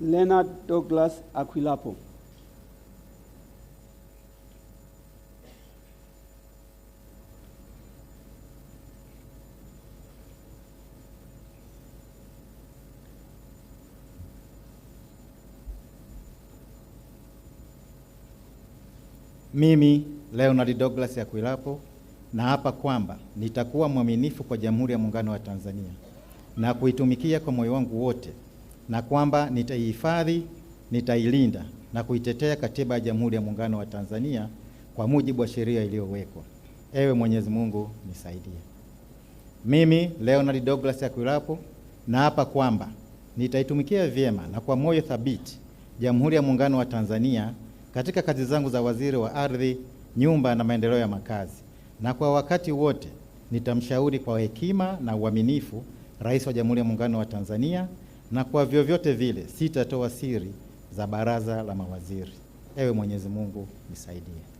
Leonard Douglas Aquilapo. Mimi Leonard Douglas Aquilapo hapa kwamba nitakuwa mwaminifu kwa Jamhuri ya Muungano wa Tanzania na kuitumikia kwa moyo wangu wote na kwamba nitaihifadhi, nitailinda na kuitetea Katiba ya Jamhuri ya Muungano wa Tanzania kwa mujibu wa sheria iliyowekwa. Ewe Mwenyezi Mungu nisaidie. Mimi Leonard Douglas Akwilapo naapa kwamba nitaitumikia vyema na kwa moyo thabiti Jamhuri ya Muungano wa Tanzania katika kazi zangu za waziri wa ardhi, nyumba na maendeleo ya makazi, na kwa wakati wote nitamshauri kwa hekima na uaminifu Rais wa Jamhuri ya Muungano wa Tanzania na kwa vyovyote vile sitatoa siri za baraza la mawaziri. Ewe Mwenyezi Mungu nisaidie.